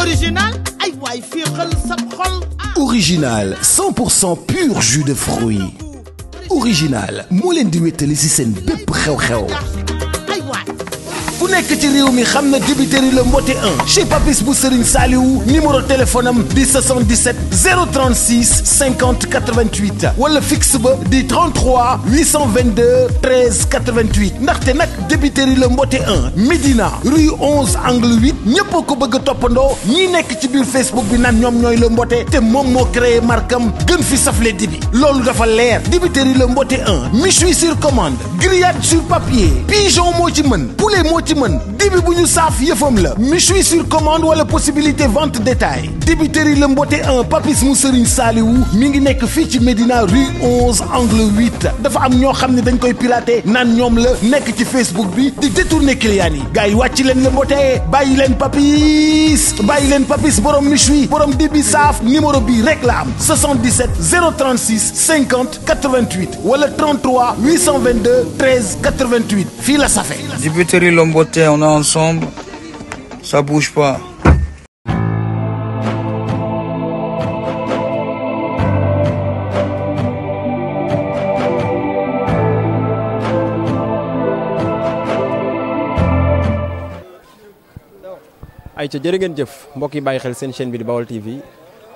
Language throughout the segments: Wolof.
original ay waay pur jus de fruits original moo leen di wéttali ci seen bépp xew-xew. ku nekk ci réew mi xam na débiteri le mbote 1 chez Papis bu Serigne Saliou numéro téléphone am di 77 036 50 88 wala fixe ba di 33 822 13 ndaxte nag débiteri la mbote 1 Médina rue 11 angle 8 ñëpp a ko bëgg toppandoo ñi nekk ci biir Facebook bi naan ñoom ñooy le mbote te moom moo créé markam gën fi safle dibi loolu dafa leer débiteri le mbote 1 méchoui sur commande grillade sur papier pigeon moo ci mën poulet moo ci ci mën dibi bu ñu saaf yëfam la méchoui sur commande wala possibilité vente détail débitëri la mbote un papis mu saaliwu mi ngi nekk fii ci Médina rue 11 angle 8 dafa am ñoo xam ne dañ koy piraté naan ñoom la nekk ci Facebook bi di détourner clients yi gars yi wàcc leen la mbote bàyyi leen papis bàyyi leen papis borom méchoui borom dibi saaf numéro bi rek la am 77 036 50 88 wala 33 822 13 88 fii la safe beauté, on est ensemble. ngeen jëf mbokk yi bàyyi xel seen chaîne bi di Baol TV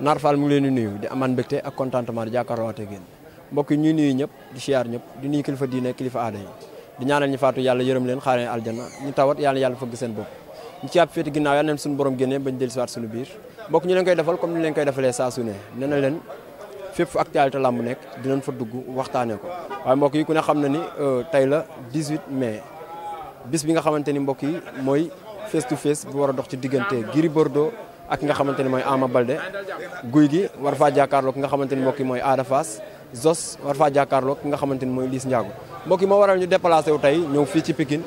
Naar Fall mu leen di nuyu di amaan mbégte ak contentement di jàkkaarloo ak yéen mbokk yi ñuy nuyu ñëpp di siyaar ñëpp di nuyu kilifa diine kilifa aada yi di ñaanal ñu faatu yàlla yërëm leen xaaree aljana ñu tawat yàlla yàlla fëgg seen bopp ñu ci ab féeti ginnaaw yàlla neen suñu borom génnee bañ dellusiwaat suñu biir mbokk ñu leen koy defal comme ni leen koy defalee saa su ne nee na leen fépp fu actualité làmb nekk dinañ fa dugg waxtaanee ko waaye mbokk yi ku ne xam na ni euh, tey la 18 mai bis bi nga xamante ni mbokk yi mooy face to face bu war a dox ci diggante Gris Bordeaux ak ki nga xamante ni mooy Ama Balde guy gi war faa jàkkaarloo ki nga xamante ni mbokk yi mooy Ada Fass Zos war faa jàkkaarloo nga xamante ni mooy Liss Ndiago mbokk yi moo waral ñu déplacé wu tey ñëw fii ci Pikine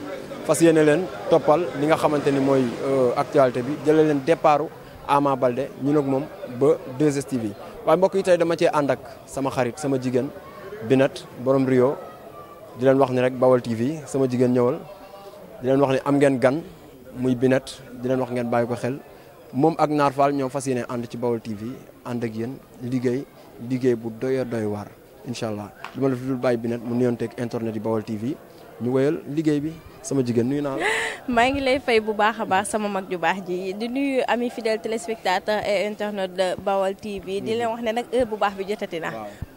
fas yéene leen toppal li nga xamante ni mooy euh, actualité bi jëlee leen départu Ama Baldé ñun moom ba 2STV yi waaye mbokk yi tey dama cee ànd ak sama xarit sama jigéen Binat borom Rio di leen wax ni rek Bawal TV sama jigéen ñëwal di leen wax ni am ngeen gan muy Binat di leen wax ngeen bàyyi ko xel moom ak Naar Fall ñoo fas yéene ànd ci Bawal TV ànd ak yéen liggéey liggéey bu doy a waar. incha allah du ma la fi dul bàyyi bi nag mu nuyonteeg internet yi Baol TV ñu wéyal liggéey bi sama jigéen nuyu naa la. maa ngi lay fay bu baax a baax sama mag ju baax ji di nuyu ami fidèle téléspectateur et internaute de Bawal TV di mhm. leen wax ne nag heure bu baax bi jotati na.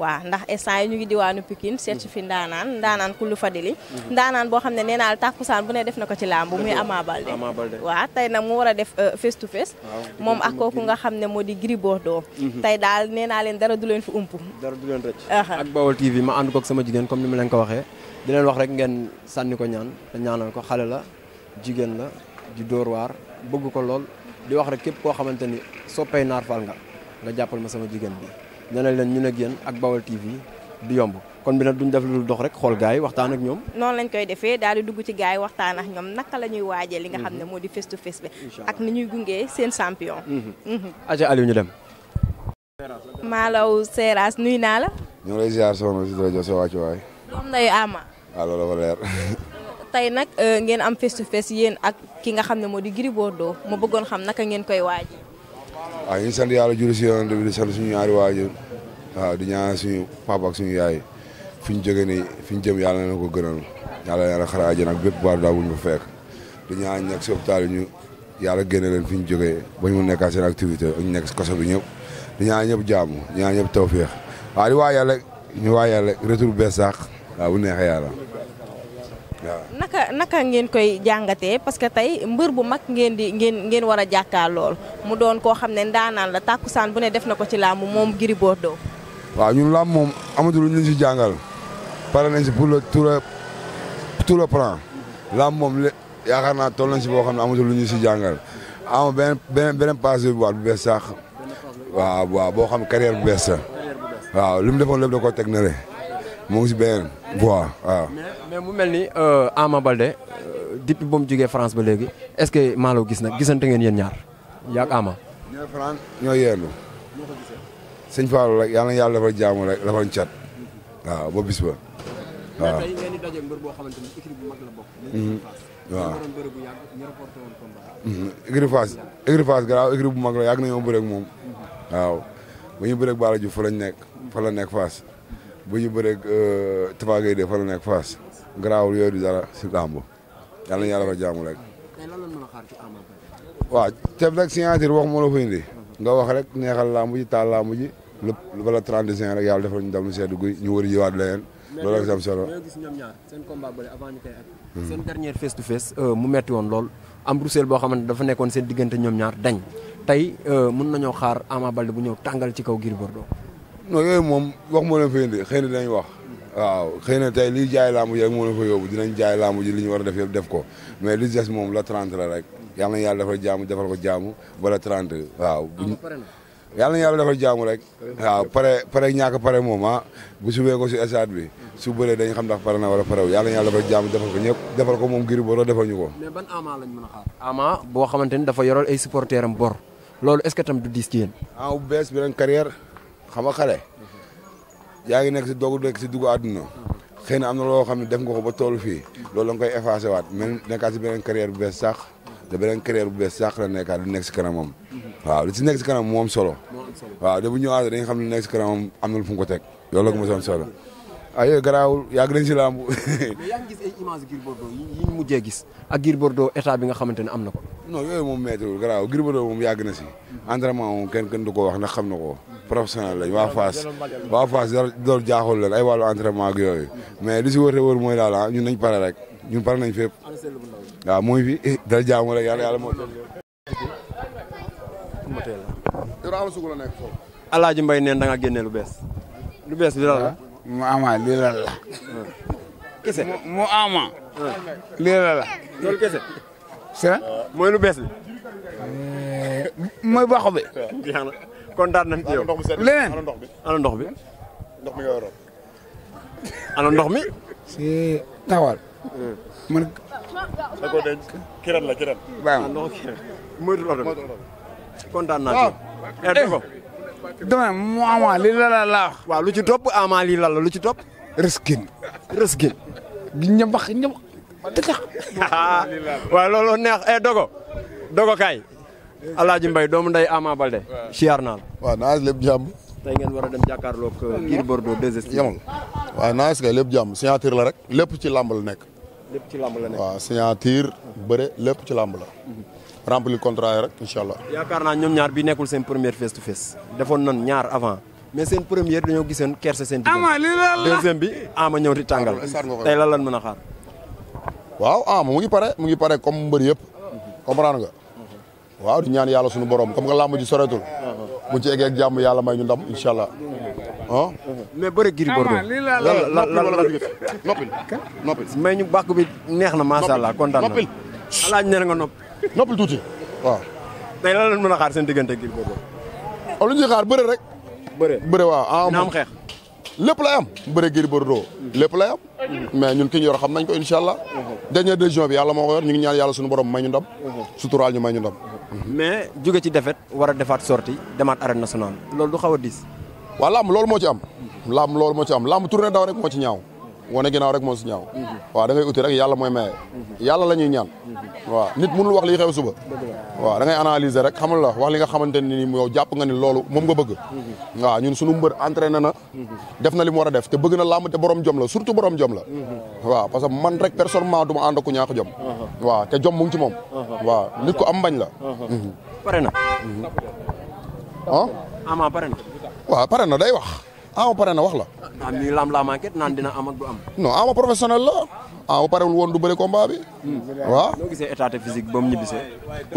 waaw ndax instant yi ñu ngi diwaanu Pikine seet fi mhm. ndaanaan ndaanaan kullu fadili. Mhm. ndaanaan boo xam ne nee naa la tàkkusaan bu ne def na ko ci làmb muy Ama Baldé. Ama tey nag mu war a def euh, face to face. moom ak kooku nga xam ne moo di Gris Bordeaux. tey daal nee naa leen dara du leen fi ump. dara du leen uh-huh. ma ànd koog sama jigéen comme ni ma leen ko waxee di leen wax ñaanal xale la jigéen la di dóor waar bëgg ko lool di wax rek képp koo xamante ni soppay Naar Fall nga nga jàppal ma sama jigéen bi ñeneen leen ñu ne génn ak Bawal TV du yomb kon bi nag duñ def lu dox rek xool gars yi waxtaan ak ñoom noonu lañ koy defee daal di dugg ci gars yi waxtaan ak ñoom naka la ñuy waajee li nga xam ne mhm. moo di face to face bi ak ni ñuy gungee seen champion mhm. Mhm. aja Aliou ñu dem Malaw Seras nuy naa la ñu ngi lay ziar soxna si ah, leer tey nag euh, ngeen am face to face ak ki nga xam ne moo di Gris doo moo bëggoon xam naka ngeen koy waaj. waaw ñu ngi sant yàlla jur si yoon bi di sant suñu ñaari waajur waaw di ñaanal suñu papa ak suñu yaay fi ñu jógee nii fi ñu jëm yàlla ko gënal yàlla na yàlla xaraa jën ak bépp baar daa bu ñu fa di ñaan ñekk si hôpital yi ñu yàlla génne leen fi ñu jógee ba ñu mun nekkaa seen activité ak ñu nekk si kaso bi ñëpp di ñaa ñëpp jàmm di ñaan ñëpp tawféex waaw di waa yàlla ñu waa yàlla retour bees sax waaw bu yàlla naka naka ngeen koy jàngatee parce que tey mbër bu mag ngeen di ngeen ngeen war a jàkkaar lool mu doon koo xam ne ndaanaan la tàkkusaan bu ne def na ko ci làmb moom Gris Bordeaux waaw ñun làmb moom amatul lu ñu si jàngal pare nañ si pour le tout le tout le moom le yaakaar naa toll nañ si boo xam ne amatul lu ñu si jàngal ama beneen beneen beneen passe bu waat bu bees sax waaw waaw boo xam carrière bu bees sax waaw lu mu defoon lépp da koo teg na moo ngi si beneen voie waaw. mais mu mel ni euh, Ama Balde euh, depuis ba mu jugee France ba léegi est-ce que Malo gis nag gisante ngeen yéen ñaar yaa ak Ama. ñooy France ñooy yeelu. sëñ Fallou yàlla na yàlla jaamu rek dafa cat. ba bis ba. waaw mais tey ngeen bu mag la bokk. Mhm. waaw écurie mhm. Fass bu mag la yàgg nañoo bëreeg moom. Mhm. waaw bu ñu bëreeg Balla Diouf lañ nekk fa la bu ñu bëreeg euh, Tapha Gueye de fa la nekk Fass garaawul yooyu du dara si làmb yàlla na yàlla fa jaamu rek. tey lan lañ mën a xaar ci wax moo la fa indi. nga wax rek neexal làmb ji taal làmb ji. lu bala 31 rek yàlla defal ñu dem lu sedd guy ñu wër yiwaat leneen. loolu rek solo mais gis ñoom hmm. euh, mu metti woon lool am Bruxelles boo xamante dafa nekkoon seen diggante ñoom ñaar dañ tey euh, mën nañoo xaar Ama Baldé bu ñëw tàngal ci kaw Gris Bordeaux non yooyu moom wax moo leen fa indi xëy na dinañ wax waaw xëy na tey li jaay laamu ji rek moo leen fa yóbbu dinañ jaay laamu ji li ñu war a def yëpp def ko mais li des moom la 30 la rek yàlla na yàlla defal jaamu jaamu ba la 30 waaw ah, yàlla na yàlla jaamu rek waaw pare pare ñàkk pare moom ah bu subee ko si stade bi su bëree dañ xam ndax pare na wala pare yàlla na yàlla defal jaamu defal ko ñëpp defal ko moom ngir boro defal ñu ko mais ban ama lañ mën a boo xamante ni dafa yoral ay supporter am bor loolu est ce tam du diis ah bu bees beneen carrière xam nga xale yaa ngi nekk si doog nekk si dugg àdduna xëy na am na loo xam ne def nga ko ba toolu fii loolu la nga koy effacé waat mais nekkaat si beneen carrière bu bees sax te beneen carrière bu bees sax la nekkaat lu nekk si kanamam waaw li si nekk si kanam moom solo waaw da bu ñëwaat dañuy xam ne nekk si kanamam am na lu fu mu ko teg loolu la ko mosoon solo ah yooyu garaawul yàgg nañ si làmb. mais gis ay images Gris yi mujjee gis ak Gris Bordeaux état bi nga xamante ne am na ko. non yooyu moom méttiwul garaaw Gris Bordeaux moom yàgg na si. Mm-hmm. entraînement moom kenn kenn du wax ndax xam na ko. Mm-hmm. professionnel lañ waa Fass waa Fass doon jaaxul leen ay wàllu entraînement ak yooyu. Mm-hmm. mais li si wër te wër mooy daal ah, ñun nañ pare rek ñun pare nañ fépp. waaw mooy fi dara yàlla yàlla moo. Alaaji Mbaye nga génne lu bees. lu bees bi mu ama lii la la. kese mu ama. lii la la. loolu kese. Euh, lu bees euh, mooy baaxu bi. kontaan nañ ci yow leneen. ana ndox bi. ndox mi nga yoroon. ana ndox mi. si tawal. Hmm. man. da la kiran. waaw moytu oto bi kontaan naa dama ne lii la la la wax. waaw lu ci topp Ama lii lala la lu ci topp. riskin. riskin. ñambax ñam te waa waaw loolu neex eh dogo dogo kaay. Alaaji mbay doomu nday Ama Balde. siyaar naa la. waaw naa lépp jàmm. ngeen war a dem jàkkaarloog euh, Gris Bordeaux 2 lépp jàmm signature la rek. lépp ci làmb la nekk. lépp ci làmb la nekk. waaw lépp ci làmb la. Mhm. remplir contrat rek incha allah. yaakaar naa ñoom ñaar bi nekkul seen première face to face defoon nan ñaar avant mais seen première dañoo gisoon kersa seen. ama li deuxième bi ama ñëw di tàngal. tey lan lan mën a xaar. waaw ama mu ngi pare mu ngi pare comme mbër yëpp comprendre nga. waaw di ñaan yàlla suñu borom comme que làmb ji soreetul. bu ci eggee ak jàmm yàlla may ñu ndam incha allah. ah. mais bëri Gris Bordeaux. lan la lan la mais ñu bàkk bi neex na macha allah kontaan na. noppil noppal tuuti waaw. tey lan lañ mën a xaar seen diggante Gris Bordeaux. lu ñuy xaar bëre rek. bëre bëre waaw en. Ah, am xeex. lépp lay am bëre Gris Bordeaux. lépp lay am. mais ñun ki ñu yor xam nañ ko incha allah. dernière décision yàlla moo ko yor ñu ñaan yàlla suñu borom may ñu ndam. suturaal ñu may ñu ndam. mais jóge ci défaite war a defaat sorti demaat arène nationale loolu du xaw a diis. waaw làmb loolu moo ci am. làmb loolu moo ci am làmb tournée daw rek moo ci ñaaw. wane ginnaaw rek moo si ñaaw waaw da ngay uti rek yàlla mooy maye yàlla la ñuy ñaan waaw nit mënul wax li xew suba waaw da ngay rek xamal la wax li nga xamante ne ni yow jàpp nga ni loolu moom nga bëgg waaw ñun suñu mbër entraîné na na def na li mu war a def te bëgg na làmb te borom jom la surtout borom jom la waaw parce que man rek personnellement du ma ànd ak ku ñaax jom waaw te mu ngi ci moom waaw nit ku am mbañ la pare na ah ama pare na waaw pare na day wax ama pare na wax la. ah la manqué naan dina am ak am. non professionnel la ama parewul woon du bëri combat bi. Hmm. waaw noo gisee état physique ba mu ñibbisee.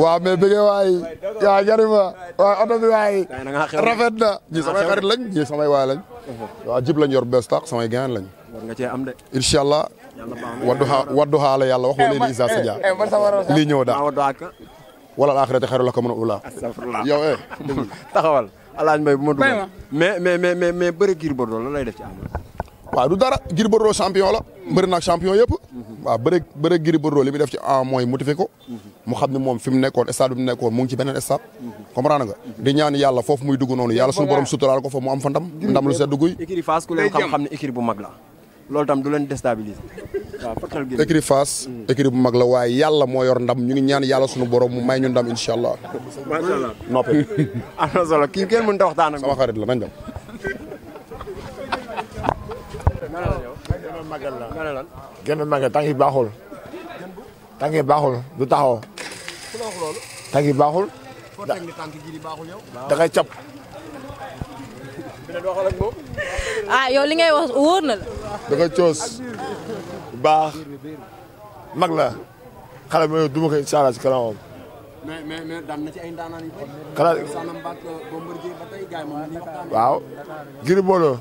waaw mais bëggee waay yaa jarima waaw oto bi waay. rafet na ñii samay xarit lañ ñii samay waay uh-huh. jib lañ yor bees tax samay gaan lañ. war nga cee am de. incha allah. wadduha wadduha la yàlla wax wala Elisa eh, eh, eh, lii ñëw daal wala laaxirati xayru la min al uulaa. astafurlah yow alaaj mbay bu ma dugal mais mais mais mais mais bëri Gris Bordeaux la lay def ci Ama waaw du dara Gris Bordeaux champion la mbëri nag champion yëpp mhm. waaw bëri bëri Gris Bordeaux def ci Ama mooy motiver ko mhm. mu xam ni moom fi mu nekkoon stade bi mu nekkoon mu ngi ci beneen stade mhm. nga di ñaan yàlla foofu muy dugg noonu yàlla suñu borom suturaal ko fa mu am fa ndam ndam lu sedd guy écurie Fass ku leen xam-xam ne bu mag la loolu tam du leen déstabiliser écrit face écrit bu mag la waaye yàlla moo yor ndam ñu ngi ñaan yàlla suñu borom mu may ñu ndam incha allah. macha allah noppi. am na solo kii kenn mënut a waxtaan ak sama xarit la nañ dem. magal la baaxul. tànk yi baaxul du taxaw. tànk yi baaxul. da da ngay cap. ah yow li ngay wax wóor na la. baax mag la xale bi ma duma ko incha allah na waaw. Gris Bordeaux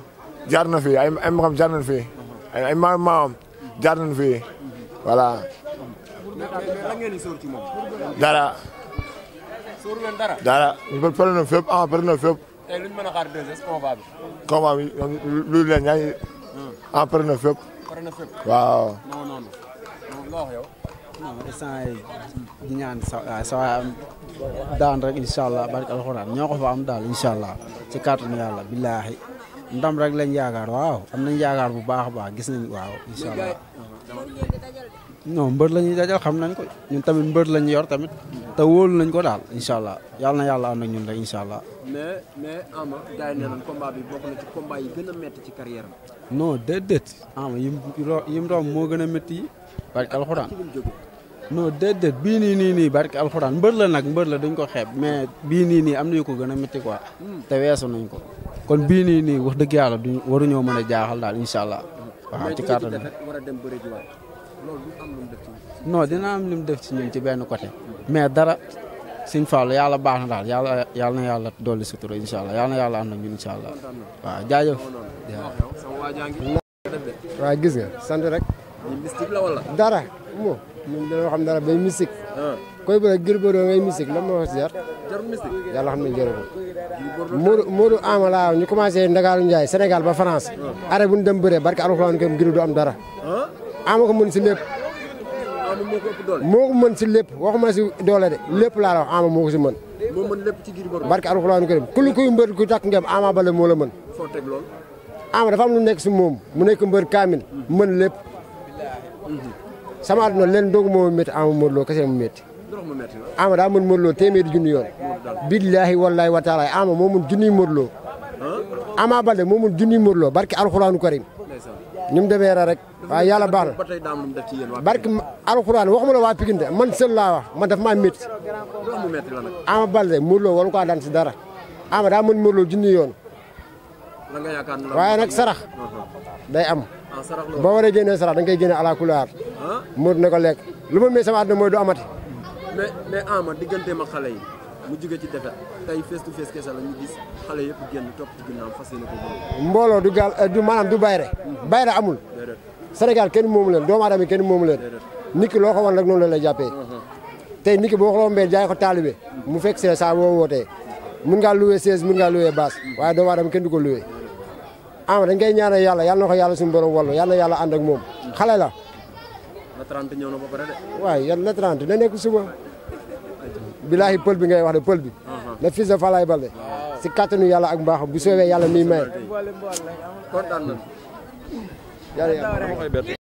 jaar na fi ay magam jaar nañ fi. ay ay maamam jaar nañ fi voilà. dara. suur ngeen dara. dara ñu bëri pare na fépp ah pare na fépp. tey lu ñu mën a xaar deux combat bi. lu leen ñaan hmm. ah pare na fépp. pare na waaw non non non loo sa ah, sa daan rek incha allah barke alxuraan ñoo ko fa daal incha allah kat kàttanu yàlla billaahi ndam rek lañ yaakaar waaw am nañ yaakaar bu baax a baax gis nañ waaw incha allah non mbër xam nañ ñun tamit mbër la yor tamit te wóolu nañ ko daal incha allah yàlla na yàlla ànd ak rek incha nañ combat bi bokk a métti ci carrière bi non déedéet ama ah, yim yim romb moo gën a métti yi barke alxuraan non déedéet bii nii nii nii barke alxuraan mbër la nag mbër la duñ ko xeeb mais bii nii nii am na yu ko gën a métti quoi te weesu nañ ko kon bii nii nii wax dëgg yàlla duñ ñëw mën a jaaxal daal incha allah waaw ci kàttan non dina am lim def ci ñun ci benn côté mais dara sëñ Fall yàlla baax na daal yàlla yàlla na yàlla dolli sutura incha allah yàlla na yàlla ànd ak ñun incha allah waaw jaajëf. waaw gis sant rek. mystique la wala. dara moom ñun dañoo dara bay mystique. Ah. koy bu rek Gris Bordeaux ngay mystique lan moo si jar. jarul mystique yàlla xam ne jarul ko. Modou Modou Ama laa ñu commencé Ndakaaru Ndiaye Sénégal ba France. Ah. arrêt bu ñu dem bëree barke alxuraan kam du am dara. Ah. ama ko mën si lépp. moo ko mën si lépp waxuma si doole de lépp laa la wax ama moo ko si mën. lépp ci Gris Bordeaux. barke alxuraanu karim ku lu koy mbër ku takk ngem ama bale moo la mën. dafa am nekk si moom mu nekk mbër kaamil. man lépp. sama àdduna leen doog moo métti ama Modou Lo kese mu métti. ama daa mën Modou Lo téeméeri junni yoon. billaahi wallaahi wa taala ama moo mën junniy Modou Lo. bale moo mën junniy Modou Lo barke alxuraanu karim ni mu demee rek waa yàlla baax na barke alxuraan waxuma la waa Pikine man sën laa wax man daf maa métti. Ama Baldé Modou Lo waru ko daan si dara ama daa mën Modou Lo junni yoon waaye nag sarax day am ah, boo waree génnee sarax da nga koy génne ala kulaar ah? Modou na ko lekk lu ma mee sama àdduna mooy du amati. mais mais Ama digganteem ak xale yi. mu jóge ci defet tey face to face kese la ñu gis xale yëpp génn topp ci ginnaaw fas yéene ko moom. mbooloo du gaal du bayre mm-hmm. bayre amul. Sénégal kenn moomu doomu aadama kenn moomu leen. loo ko wan rek noonu la lay jàppee. Mm-hmm. tey nit ki boo xoolee mbéy jaay ko taalibe mu fekk see saa boo wootee mun ngaa loué seize mun ngaa loué baas waaye doomu aadama kenn du ko loué. ama dañ koy ñaanal yàlla yàlla na ko yàlla suñu borom wallu yàlla na yàlla ànd ak moom xale la. waaye yàlla la 30 na nekk bilaahi pël bi ngay wax de pël bi uh-huh. le fils de Falaye Balde si kàttanu yàlla ak mbaaxam bu soobee yàlla miy maye.